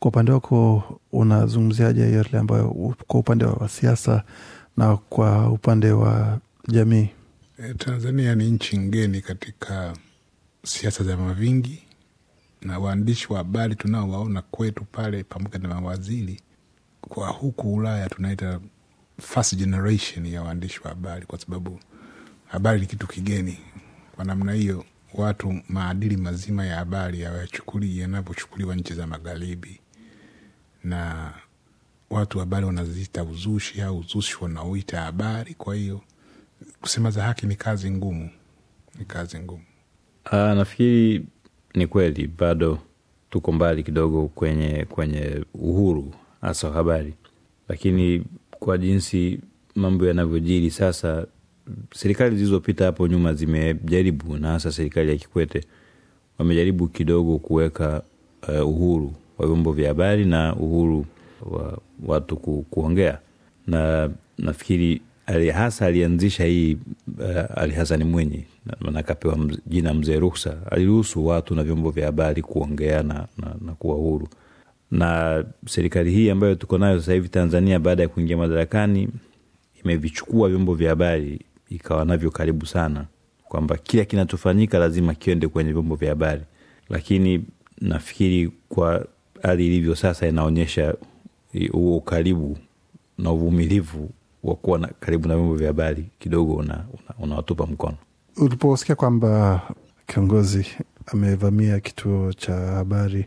kwa upande wako unazungumziaje yale ambayo kwa upande wa siasa na kwa upande wa jamii? E, Tanzania ni nchi ngeni katika siasa za vyama vingi, na waandishi wa habari tunaowaona kwetu pale pamoja na mawaziri kwa huku Ulaya tunaita first generation ya waandishi wa habari, kwa sababu habari ni kitu kigeni. Kwa namna hiyo, watu maadili mazima ya habari yawachukuli yanavyochukuliwa nchi za magharibi na watu habari wanaziita uzushi au uzushi wanaoita habari. Kwa hiyo kusema za haki ni kazi ngumu, ni kazi ngumu. Aa, ah, nafikiri ni kweli bado tuko mbali kidogo kwenye kwenye uhuru hasa wa habari, lakini kwa jinsi mambo yanavyojiri sasa, serikali zilizopita hapo nyuma zimejaribu, na hasa serikali ya Kikwete wamejaribu kidogo kuweka uh, uhuru wa vyombo vya habari na uhuru wa watu kuongea, na nafikiri ali hasa alianzisha hii uh, Ali Hasani Mwinyi, maanake mz, jina mzee ruksa aliruhusu watu na vyombo vya habari kuongea na, na, na kuwa huru. Na serikali hii ambayo tuko nayo sasa hivi Tanzania, baada ya kuingia madarakani, imevichukua vyombo vya habari ikawa navyo karibu sana, kwamba kila kinachofanyika lazima kiende kwenye vyombo vya habari, lakini nafikiri kwa hali ilivyo sasa inaonyesha huo ukaribu na uvumilivu wa kuwa karibu na vyombo vya habari kidogo unawatupa una, una mkono. Uliposikia kwamba kiongozi amevamia kituo cha habari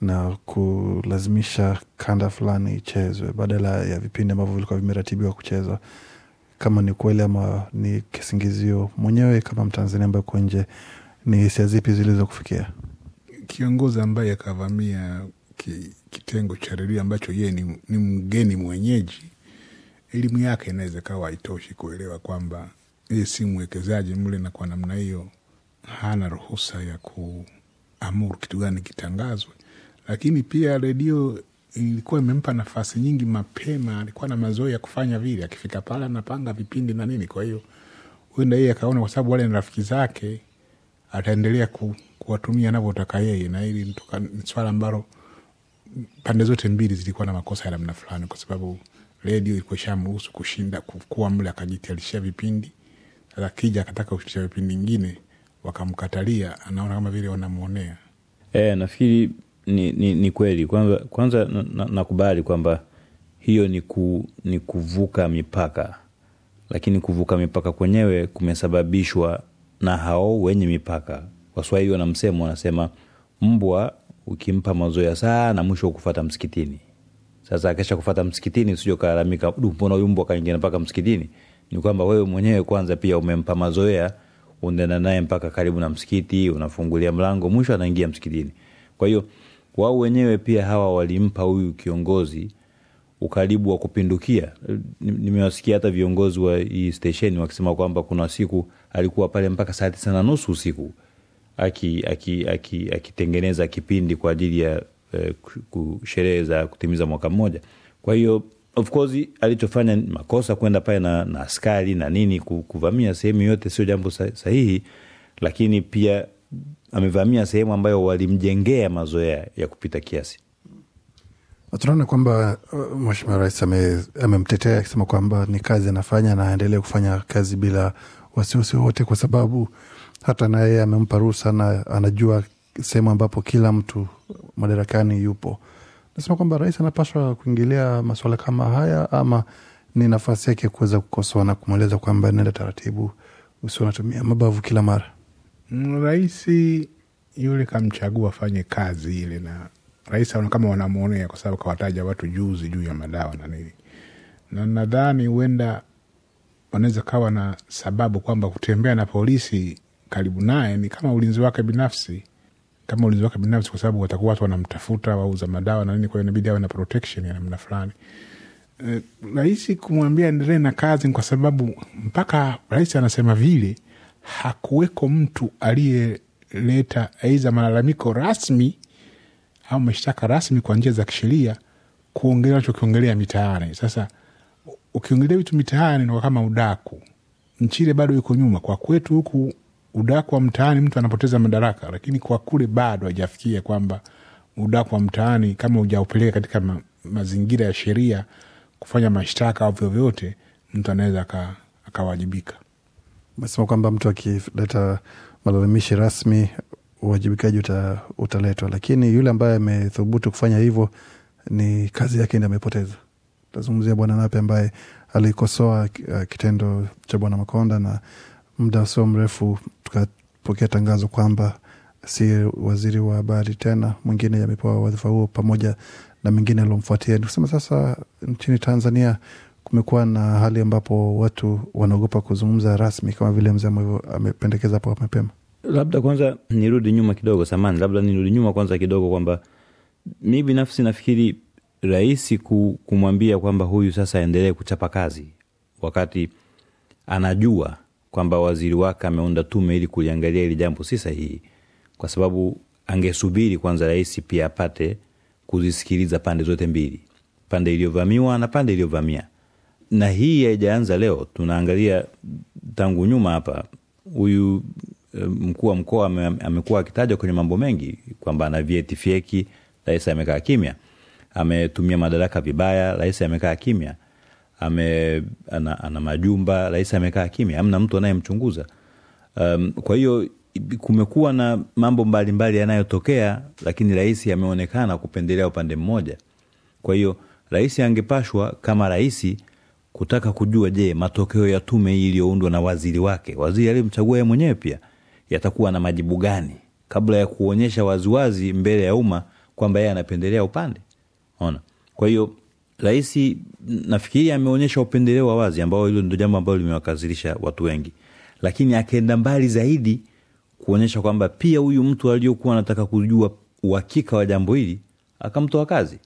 na kulazimisha kanda fulani ichezwe badala ya vipindi ambavyo vilikuwa vimeratibiwa kuchezwa, kama ni kweli ama ni kisingizio, mwenyewe kama Mtanzania ambaye uko nje, ni hisia zipi zilizokufikia? Kiongozi ambaye akavamia ki, kitengo cha redio ambacho yeye ni, ni mgeni mwenyeji, elimu yake inaweza kawa haitoshi kuelewa kwamba yeye si mwekezaji mle, na kwa namna hiyo hana ruhusa ya kuamuru kitu gani kitangazwe. Lakini pia redio ilikuwa imempa nafasi nyingi. Mapema alikuwa na mazoea ya kufanya vile, akifika pale anapanga vipindi na nini. Kwa hiyo huenda yeye akaona kwa sababu wale ni rafiki zake, ataendelea ku, kuwatumia anavyotaka yeye, na hili ni swala ambalo pande zote mbili zilikuwa na makosa ya namna fulani, kwa sababu redio ilikuwa ishamruhusu kushinda kukua mle akajitayarishia vipindi, sasa kija akataka kushirikisha vipindi ingine wakamkatalia, anaona kama vile wanamwonea. E, eh, nafikiri ni, ni, ni kweli kwanza, kwanza nakubali na kwamba hiyo ni, ku, ni kuvuka mipaka, lakini kuvuka mipaka kwenyewe kumesababishwa na hao wenye mipaka. Waswahili wana msemo, wanasema mbwa ukimpa mazoea sana, mwisho kufata msikitini. Sasa akisha kufata msikitini, usije ukalalamika, du, mbona huyu mbwa kaingia mpaka msikitini? Ni kwamba wewe mwenyewe kwanza pia umempa mazoea, unaenda naye mpaka karibu na msikiti, unafungulia mlango, mwisho anaingia msikitini. Kwa hiyo wao wenyewe pia hawa walimpa huyu kiongozi ukaribu wa kupindukia. Nimewasikia hata viongozi wa hii stesheni wakisema kwamba kuna siku alikuwa pale mpaka saa tisa na nusu usiku akitengeneza aki, aki, aki kipindi kwa ajili ya eh, sherehe za kutimiza mwaka mmoja. Kwa hiyo of course alichofanya makosa kwenda pale na, na askari na nini kuvamia sehemu yote, sio jambo sahihi, lakini pia amevamia sehemu ambayo walimjengea mazoea ya kupita kiasi. Tunaona kwamba uh, Mheshimiwa Rais amemtetea akisema kwamba ni kazi anafanya na aendelee kufanya kazi bila wasiwasi wote kwa sababu hata naye amempa ruhusa na anajua sehemu ambapo kila mtu madarakani yupo. Nasema kwamba rais anapaswa kuingilia masuala kama haya, ama ni nafasi yake kuweza kukosoa na kumweleza kwamba nenda taratibu, usio natumia mabavu kila mara. Mm, rais yule kamchagua afanye kazi ile, na rais aona kama wanamwonea, kwa sababu kawataja watu juzi juu ya madawa na nini, na nadhani huenda wanaweza kawa na sababu kwamba kutembea na polisi karibu naye ni kama ulinzi wake binafsi, kama ulinzi wake binafsi, kwa sababu watakuwa watu wanamtafuta, wauza madawa na nini, kwa hiyo inabidi awe na protection ya namna fulani. Eh, rahisi kumwambia endelee na kazi, kwa sababu mpaka rahisi anasema vile, hakuweko mtu aliyeleta aiza malalamiko rasmi au mashtaka rasmi kwa njia za kisheria kuongelea nachokiongelea mitaani. Sasa ukiongelea vitu mitaani ni kama udaku. nchile bado iko nyuma kwa kwetu huku udaku wa mtaani mtu anapoteza madaraka, lakini kwa kule bado hajafikia kwamba udaku wa mtaani kama ujaupeleka katika ma, mazingira ya sheria kufanya mashtaka au vyovyote, mtu anaweza akawajibika. mesema kwamba mtu akileta malalamishi rasmi uwajibikaji uta, utaletwa, lakini yule ambaye amethubutu kufanya hivyo ni kazi yake ndi amepoteza. Tazungumzia Bwana Nape ambaye alikosoa uh, kitendo cha Bwana Makonda na muda sio mrefu tukapokea tangazo kwamba si waziri wa habari tena, mwingine amepewa wadhifa huo pamoja na mengine aliomfuatia. Ni kusema sasa nchini Tanzania kumekuwa na hali ambapo watu wanaogopa kuzungumza rasmi kama vile mzee amependekeza hapo mapema. Labda kwanza nirudi nyuma kidogo, samani, labda nirudi nyuma kwanza kidogo kwamba mi binafsi nafikiri rahisi kumwambia kwamba huyu sasa aendelee kuchapa kazi wakati anajua kwamba waziri wake ameunda tume ili kuliangalia hili jambo si sahihi, kwa sababu angesubiri kwanza rahisi pia apate kuzisikiliza pande zote mbili, pande iliyovamiwa na pande iliyovamia. Na hii haijaanza leo, tunaangalia tangu nyuma hapa. Huyu eh, mkuu wa mkoa amekuwa akitajwa kwenye mambo mengi kwamba ana vyeti fyeki, rais amekaa kimya. Ametumia madaraka vibaya, rahis amekaa kimya ame, ana, ana majumba, rais amekaa kimya, amna mtu anayemchunguza. Um, kwa hiyo kumekuwa na mambo mbalimbali yanayotokea, lakini rais ameonekana kupendelea upande mmoja. Kwa hiyo rais angepashwa kama rais kutaka kujua, je, matokeo ya tume hii iliyoundwa na waziri wake, waziri aliyemchagua ye mwenyewe, pia yatakuwa na majibu gani, kabla ya kuonyesha waziwazi mbele ya umma kwamba yeye anapendelea upande ona. Kwa hiyo rais nafikiri ameonyesha upendeleo wa wazi ambao hilo ndio jambo ambalo limewakazirisha watu wengi, lakini akaenda mbali zaidi kuonyesha kwamba pia huyu mtu aliyokuwa anataka kujua uhakika wa jambo hili akamtoa kazi,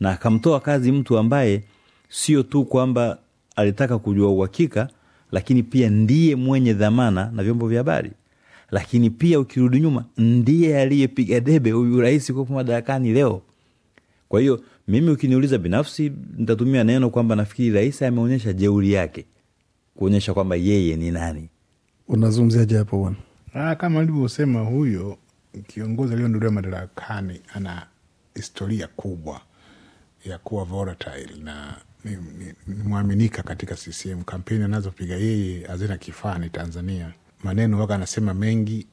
na akamtoa kazi mtu ambaye sio tu kwamba alitaka kujua uhakika, lakini pia ndiye mwenye dhamana na vyombo vya habari, lakini pia ukirudi nyuma, ndiye aliyepiga debe huyu rahisi kuwepo madarakani leo. Kwa hiyo mimi ukiniuliza binafsi, ntatumia neno kwamba nafikiri rais ameonyesha jeuri yake kuonyesha kwamba yeye ni nani. Unazungumziaje hapo bwana? Ah, kama alivyosema huyo kiongozi aliyoondolewa madarakani ana historia kubwa ya kuwa volatile na nimwaminika ni, ni katika CCM. Kampeni anazopiga yeye hazina kifani Tanzania. Maneno waka anasema mengi,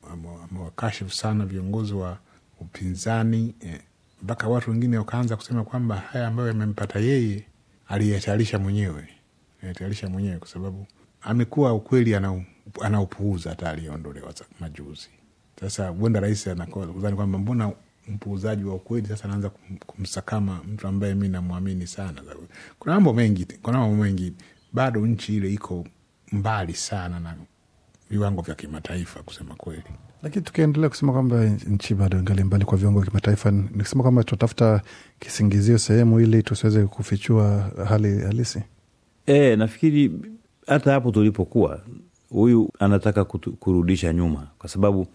amewakashifu sana viongozi wa upinzani eh, mpaka watu wengine wakaanza kusema kwamba haya ambayo yamempata yeye aliyatayarisha mwenyewe, aliyatayarisha mwenyewe kwa sababu amekuwa ukweli anaupuuza ana hata aliyeondolewa majuzi. Sasa huenda rahisi anakuzani kwamba mbona mpuuzaji wa ukweli sasa anaanza kumsakama mtu ambaye mi namwamini sana. Kuna mambo mengi, kuna mambo mengi bado nchi ile iko mbali sana na viwango vya kimataifa kusema kweli. Lakini tukiendelea kusema kwamba nchi bado ngali mbali kwa viongo vya kimataifa, nikusema kwamba tutafuta kisingizio sehemu ili tusiweze kufichua hali halisi. E, nafikiri hata hapo tulipokuwa, huyu anataka kutu, kurudisha nyuma, kwa sababu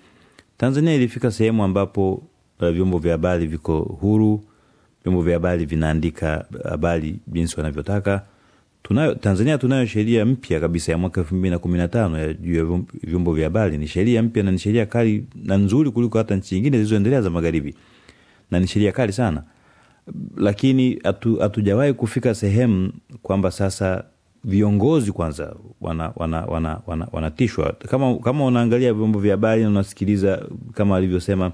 Tanzania ilifika sehemu ambapo uh, vyombo vya habari viko huru, vyombo vya habari vinaandika habari jinsi wanavyotaka Tunayo, Tanzania tunayo sheria mpya kabisa ya mwaka 2015 ya juu ya vyombo vya habari. Ni sheria mpya na ni sheria kali na nzuri kuliko hata nchi nyingine zilizoendelea za magharibi, na ni sheria kali sana, lakini hatujawahi atu, kufika sehemu kwamba sasa viongozi kwanza wanatishwa wana, wana, wana, wana kama, kama unaangalia vyombo vya habari na unasikiliza kama alivyosema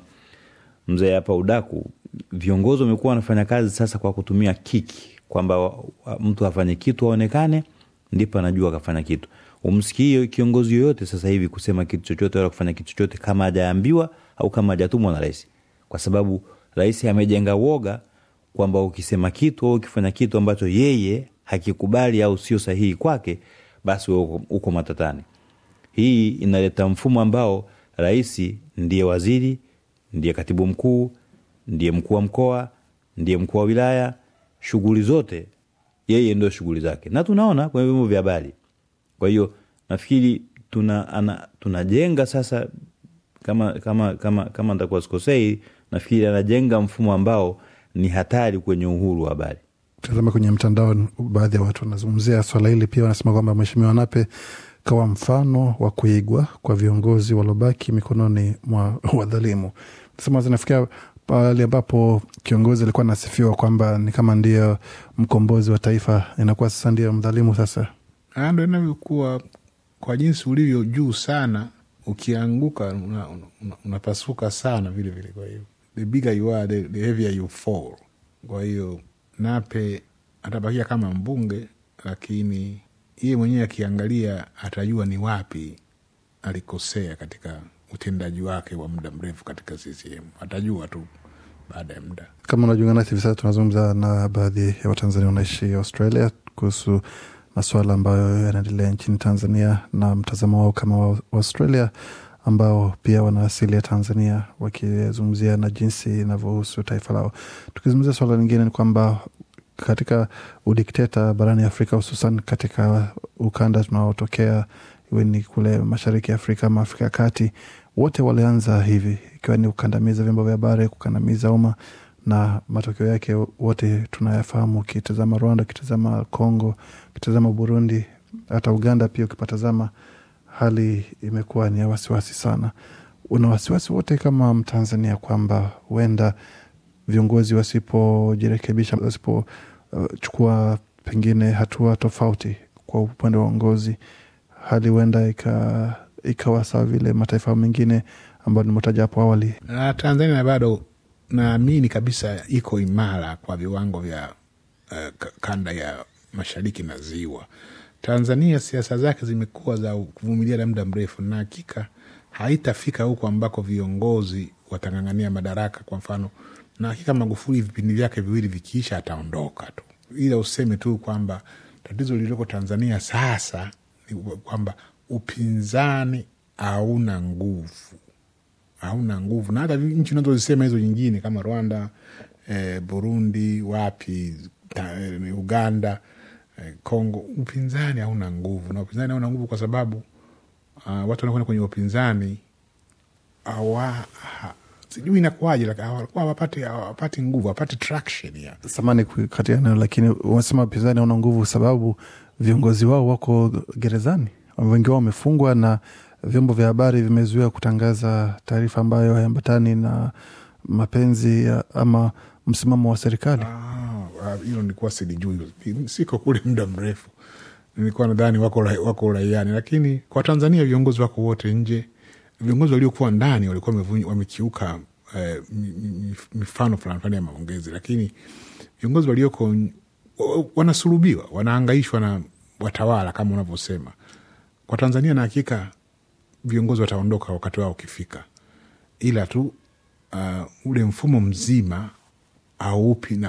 mzee hapa udaku, viongozi wamekuwa wanafanya kazi sasa kwa kutumia kiki kwamba mtu afanye kitu aonekane, ndipo anajua akafanya kitu. Umsikii kiongozi yoyote sasa hivi kusema kitu chochote wala kufanya kitu chochote kama ajaambiwa au kama ajatumwa na rais, kwa sababu rais amejenga woga kwamba ukisema kitu au ukifanya kitu ambacho yeye hakikubali au sio sahihi kwake, basi uko, uko matatani. Hii inaleta mfumo ambao rais ndiye waziri, ndiye katibu mkuu, ndiye mkuu wa mkoa, ndiye mkuu wa wilaya shughuli zote yeye ndio shughuli zake, na tunaona kwenye vyombo vya habari. Kwa hiyo nafikiri tuna ana, tunajenga sasa, kama kama kama kama nitakuwa sikosei, nafikiri anajenga mfumo ambao ni hatari kwenye uhuru wa habari. Tazama kwenye mtandao, baadhi ya watu wanazungumzia swala hili pia, wanasema kwamba Mheshimiwa Nape kawa mfano wa kuigwa kwa viongozi waliobaki mikononi mwa wadhalimu. Sema zinafikia pale ambapo kiongozi alikuwa anasifiwa kwamba ni kama ndio mkombozi wa taifa, inakuwa sasa ndio mdhalimu. Sasa ah, ndo inavyokuwa kwa jinsi ulivyo juu sana, ukianguka unapasuka una, una sana vilevile. Kwa hiyo the bigger you are, the, the heavier you fall. Kwa hiyo Nape atabakia kama mbunge, lakini yeye mwenyewe akiangalia atajua ni wapi alikosea katika utendaji wake wa muda mrefu katika CCM, atajua tu baada ya muda. Kama unajiunga nasi hivi sasa, tunazungumza na baadhi ya Watanzania wanaishi Australia kuhusu masuala ambayo yanaendelea nchini Tanzania na mtazamo wao kama wa Australia ambao pia wana asili ya Tanzania, wakizungumzia na jinsi inavyohusu taifa lao. Tukizungumzia suala lingine ni kwamba katika udikteta barani Afrika, hususan katika ukanda tunaotokea iwe ni kule mashariki ya Afrika ama Afrika ya kati, wote walianza hivi, ikiwa ni kukandamiza vyombo vya habari, kukandamiza umma, na matokeo yake wote tunayafahamu. Ukitazama Rwanda, ukitazama Congo, ukitazama Burundi, hata Uganda pia ukipatazama, hali imekuwa ni ya wasiwasi sana. Una wasiwasi wote kama Mtanzania kwamba huenda viongozi wasipojirekebisha, wasipochukua uh, pengine hatua tofauti kwa upande wa uongozi, hali huenda ika ikawa sawa vile mataifa mengine ambayo nimetaja hapo awali. Na Tanzania bado naamini kabisa iko imara kwa viwango vya uh, kanda ya mashariki na ziwa. Tanzania siasa zake zimekuwa za kuvumilia muda mrefu, na hakika haitafika huko ambako viongozi watang'ang'ania madaraka. Kwa mfano, na hakika Magufuli vipindi vyake viwili vikiisha ataondoka tu, ila useme tu kwamba tatizo lililoko Tanzania sasa ni kwamba upinzani hauna nguvu, hauna nguvu. Na hata nchi unazozisema hizo nyingine kama Rwanda eh, Burundi, wapi ta, eh, Uganda eh, upinzani hauna nguvu. Na upinzani hauna nguvu kwa sababu uh, watu wanakwenda kwenye upinzani awa sijui inakuaje walikuwa awapati nguvu, awapati traction ya samani kati lakini wanasema upinzani hauna nguvu sababu viongozi wao wako gerezani wengi wao wamefungwa na vyombo vya habari vimezuia kutangaza taarifa ambayo haiambatani na mapenzi ama msimamo wa serikali. Ah, ah, hilo ah, nilikuwa silijui, siko kule muda mrefu, nilikuwa nadhani wako wako uraiani, lakini kwa Tanzania viongozi wako wote nje. Viongozi waliokuwa ndani walikuwa wamekiuka eh, mifano fulani fulani ya maongezi, lakini viongozi walioko wanasulubiwa, wanaangaishwa na watawala kama unavyosema kwa Tanzania na hakika viongozi wataondoka wakati wao ukifika, ila tu uh, ule mfumo mzima aupi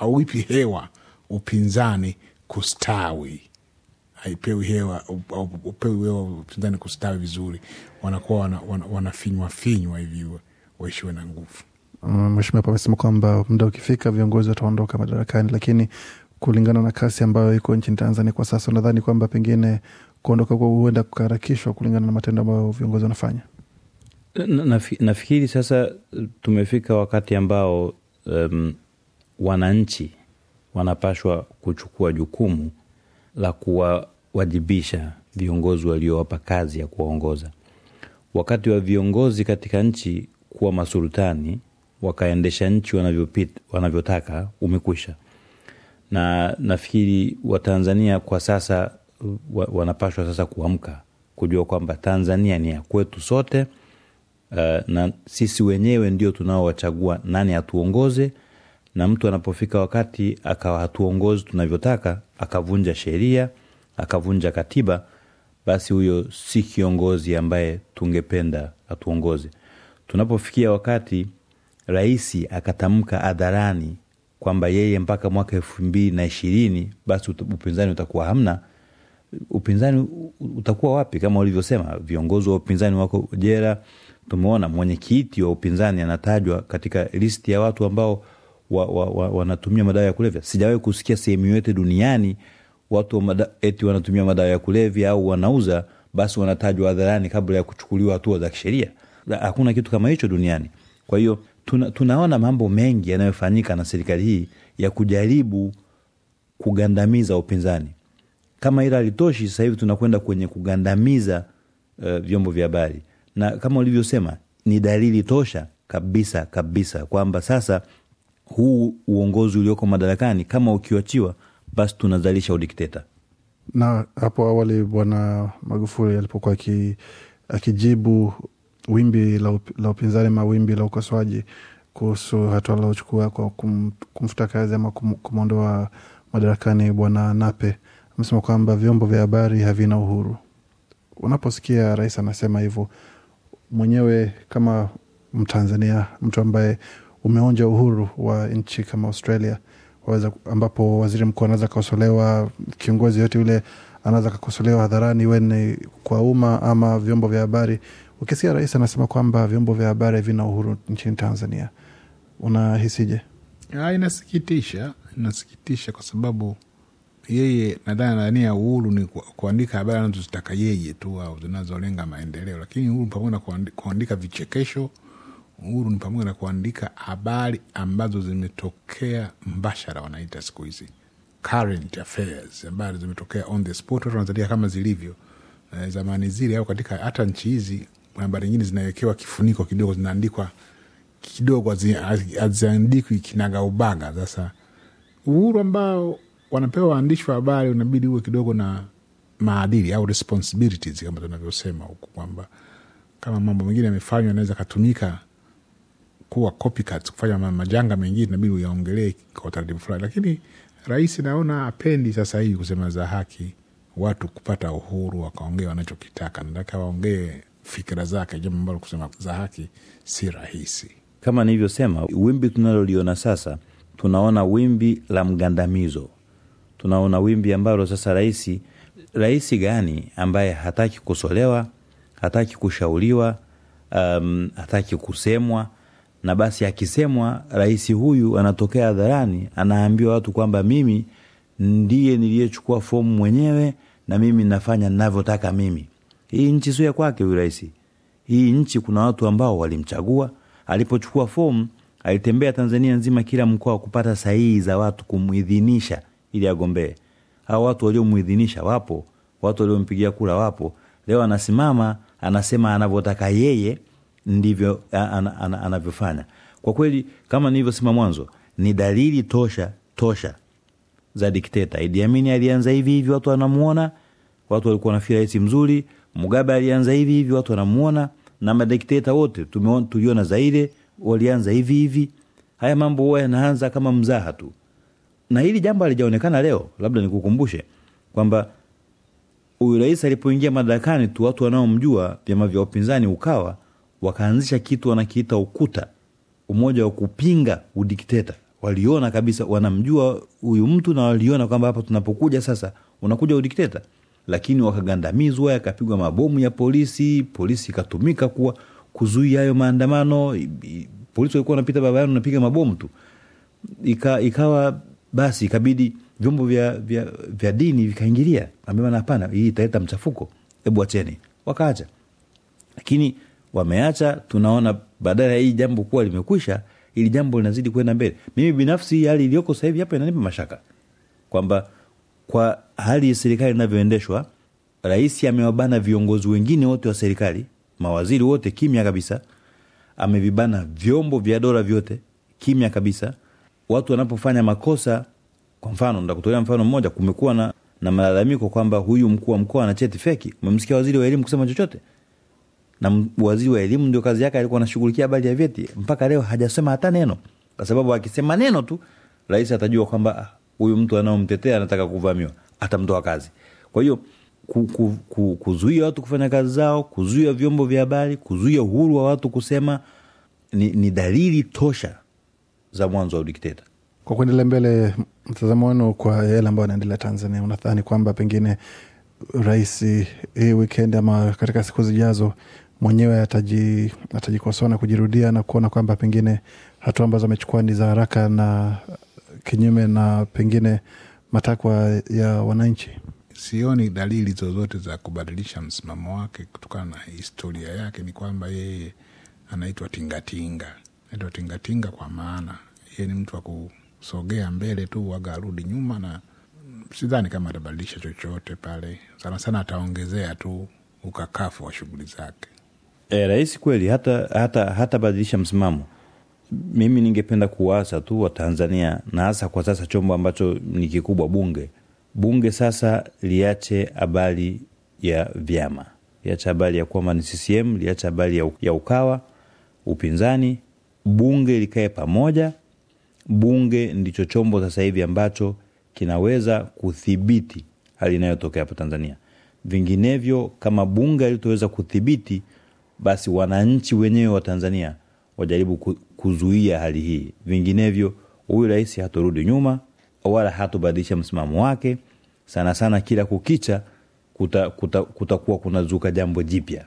auipi hewa upinzani kustawi haipewi hewa upewi hewa upinzani kustawi vizuri, wanakuwa wanafinywafinywa wana, wana hivi waishiwe na nguvu. mweshimia mm, pamesema kwamba muda ukifika viongozi wataondoka madarakani, lakini kulingana na kasi ambayo iko nchini Tanzania kwa sasa, unadhani kwamba pengine kuondoka kwa huenda kuharakishwa kulingana na matendo ambayo viongozi wanafanya. Nafikiri na sasa tumefika wakati ambao um, wananchi wanapashwa kuchukua jukumu la kuwawajibisha viongozi waliowapa kazi ya kuwaongoza. Wakati wa viongozi katika nchi kuwa masultani wakaendesha nchi wanavyotaka umekwisha, na nafikiri Watanzania kwa sasa wanapashwa sasa kuamka kujua kwamba Tanzania ni ya kwetu sote, uh, na sisi wenyewe ndio tunaowachagua nani atuongoze, na mtu anapofika wakati akawa hatuongozi tunavyotaka, akavunja sheria, akavunja katiba, basi huyo si kiongozi ambaye tungependa atuongoze. Tunapofikia wakati rahisi akatamka hadharani kwamba yeye mpaka mwaka elfu mbili na ishirini basi upinzani utakuwa hamna upinzani utakuwa wapi? Kama ulivyosema, viongozi wa upinzani wako jera Tumeona mwenyekiti wa upinzani anatajwa katika listi ya watu ambao wanatumia wa, wa, wa madawa ya kulevya. Sijawahi kusikia sehemu yote duniani watu mada, eti wanatumia madawa ya kulevya au wanauza, basi wanatajwa hadharani kabla ya kuchukuliwa hatua za kisheria. Hakuna kitu kama hicho duniani. Kwa hiyo tuna, tunaona mambo mengi yanayofanyika na serikali hii ya kujaribu kugandamiza upinzani. Kama ila alitoshi sasa hivi tunakwenda kwenye kugandamiza uh, vyombo vya habari, na kama ulivyosema ni dalili tosha kabisa kabisa kwamba sasa huu uongozi ulioko madarakani kama ukiachiwa, basi tunazalisha udikteta. Na hapo awali Bwana Magufuli alipokuwa akijibu wimbi la, up, la upinzani ma wimbi la ukosoaji kuhusu hatua aliochukua kwa kumfuta kazi ama kumwondoa madarakani Bwana Nape amesema kwamba vyombo vya habari havina uhuru. Unaposikia rais anasema hivyo, mwenyewe kama Mtanzania, mtu ambaye umeonja uhuru wa nchi kama Australia waweza, ambapo waziri mkuu anaweza kakosolewa, kiongozi yote yule anaweza kakosolewa hadharani, iwe ni kwa umma ama vyombo vya habari. Ukisikia rais anasema kwamba vyombo vya habari havina uhuru nchini Tanzania, unahisije? Ah, inasikitisha, inasikitisha kwa sababu yeye nadhani anania uhuru ni kuandika habari anazozitaka yeye tu au zinazolenga maendeleo, lakini uhuru pamoja na kuandika vichekesho, uhuru ni pamoja na kuandika habari ambazo zimetokea mbashara, wanaita siku hizi current affairs, habari zimetokea on the spot, watu wanazalia kama zilivyo e, zamani zile, au katika hata nchi hizi habari nyingine zinawekewa kifuniko kidogo, zinaandikwa kidogo, haziandikwi kinaga ubaga. Sasa uhuru ambao wanapewa waandishi wa habari, unabidi uwe kidogo na maadili au responsibilities kama tunavyosema huku, kwamba kama mambo mengine yamefanywa, anaweza katumika kuwa copycat, kufanya majanga mengine, nabidi uyaongelee kwa utaratibu fulani. Lakini rais naona apendi sasa hivi kusema za haki watu kupata uhuru wakaongee wanachokitaka, nataka waongee fikira zake, jambo ambalo kusema za haki si rahisi. Kama nilivyosema, wimbi tunaloliona sasa, tunaona wimbi la mgandamizo tunaona wimbi ambalo sasa rahisi rahisi gani ambaye hataki kusolewa hataki kushauliwa um, hataki kusemwa na basi akisemwa rahisi huyu anatokea hadharani, anaambiwa watu kwamba mimi ndiye niliyechukua fomu mwenyewe na mimi nafanya navyotaka mimi. Hii nchi sio ya kwake huyu rahisi Hii nchi kuna watu ambao walimchagua. Alipochukua fomu alitembea Tanzania nzima, kila mkoa kupata sahihi za watu kumwidhinisha ili agombee. Hao watu waliomuidhinisha wapo, watu waliompigia kura wapo. Leo anasimama anasema anavyotaka yeye ndivyo an, an, an, anavyofanya. Kwa kweli, kama nilivyosema mwanzo, ni dalili tosha tosha za dikteta. Idi Amin alianza hivi hivi, watu wanamuona, watu walikuwa na firahisi mzuri. Mugabe alianza hivi hivi, watu wanamuona, na madikteta wote tuliona Zaire walianza hivi hivi. Haya mambo huwa yanaanza kama mzaha tu, na hili jambo halijaonekana leo. Labda nikukumbushe kwamba huyu rais alipoingia madarakani tu, watu wanaomjua, vyama vya upinzani, Ukawa, wakaanzisha kitu wanakiita UKUTA, umoja wa kupinga udikteta. Waliona kabisa wanamjua huyu mtu na waliona kwamba hapa tunapokuja sasa unakuja udikteta, lakini wakagandamizwa, yakapigwa mabomu ya polisi, polisi ikatumika kuwa kuzuia hayo maandamano. Polisi walikuwa wanapita barabarani, unapiga mabomu tu, ika, ikawa basi ikabidi vyombo vya, vya, vya dini vikaingilia, amemana hapana, hii italeta mchafuko, hebu wacheni Wakaacha, lakini wameacha. Tunaona badala ya hii jambo kuwa limekwisha, ili jambo linazidi kwenda mbele. Mimi binafsi hii hali iliyoko sahivi hapa inanipa mashaka kwamba kwa hali ya serikali inavyoendeshwa, rais amewabana viongozi wengine wote wa serikali, mawaziri wote kimya kabisa, amevibana vyombo vya dola vyote kimya kabisa watu wanapofanya makosa. Kwa mfano, ndakutolea mfano mmoja. Kumekuwa na, na malalamiko kwamba huyu mkuu wa mkoa ana cheti feki. Umemsikia waziri wa elimu kusema chochote? Na waziri wa elimu ndio kazi yake, alikuwa anashughulikia habari ya vyeti, mpaka leo hajasema hata neno, kwa sababu akisema neno tu rais atajua kwamba ah, huyu mtu anaomtetea anataka kuvamiwa, atamtoa kazi. Kwa hiyo ku, ku, ku, kuzuia watu kufanya kazi zao, kuzuia vyombo vya habari, kuzuia uhuru wa watu kusema ni, ni dalili tosha za mwanzo wa udikteta kwa kuendelea mbele mtazamo wenu kwa yale ambayo anaendelea tanzania unadhani kwamba pengine rais hii wikendi ama katika siku zijazo mwenyewe ataji atajikosoa na kujirudia na kuona kwamba pengine hatua ambazo amechukua ni za haraka na kinyume na pengine matakwa ya wananchi sioni dalili zozote za kubadilisha msimamo wake kutokana na historia yake ni kwamba yeye anaitwa tingatinga naitwa tingatinga kwa maana ye ni mtu wa kusogea mbele tu, waga arudi nyuma, na sidhani kama atabadilisha chochote pale. Sana sana ataongezea tu ukakafu wa shughuli zake. E, eh, rais kweli hata hata hatabadilisha msimamo. Mimi ningependa kuwasa tu Watanzania na hasa kwa sasa chombo ambacho ni kikubwa, bunge. Bunge sasa liache habari ya vyama, liache habari ya kwamba ni CCM, liache habari ya Ukawa upinzani bunge likae pamoja. Bunge ndicho chombo sasa hivi ambacho kinaweza kudhibiti hali inayotokea hapa Tanzania. Vinginevyo, kama bunge alitoweza kudhibiti, basi wananchi wenyewe wa Tanzania wajaribu kuzuia hali hii. Vinginevyo, huyu rais hatorudi nyuma wala hatobadilisha msimamo wake. Sana sana kila kukicha kutakuwa kuta, kuta kunazuka jambo jipya.